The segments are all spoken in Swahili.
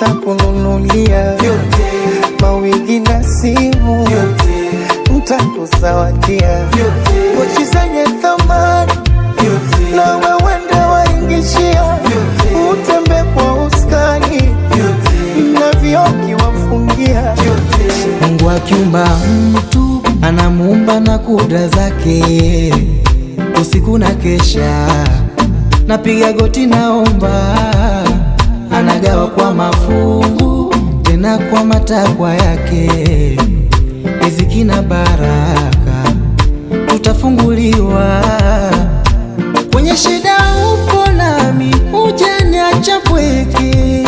pesa kununulia mawigi na simu ntakuzawadia, zenye thamani na wewende waingishia, utembe kwa uskani na vyoki wafungia. Mungu akiumba mtu anamuumba na kudra zake, usiku na kesha napiga goti naomba anagawa kwa mafungu, tena kwa matakwa yake, riziki na baraka tutafunguliwa. Kwenye shida upo nami, hujaniacha pweke,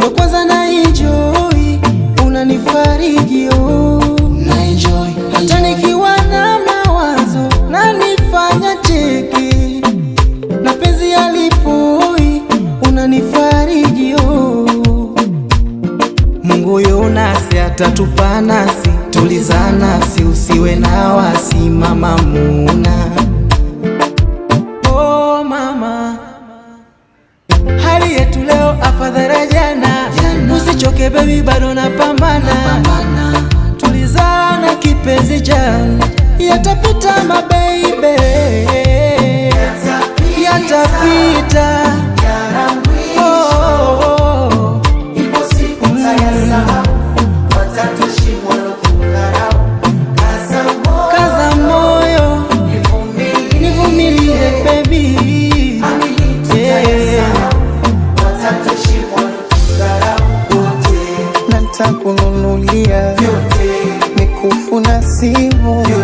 kwa kwanza na enjoy, unanifariji oh, na enjoy hata nikiwa na mawazo, nanifanya cheki na penzi atatupa nasi, tuliza nafsi, usiwe na wasi, mama Muna. Oh mama, hali yetu leo afadhali jana, usichoke baby, bado napambana, tuliza na kipenzi cha yatapita mabeibe, yatapita nitakununulia, nikufuna simu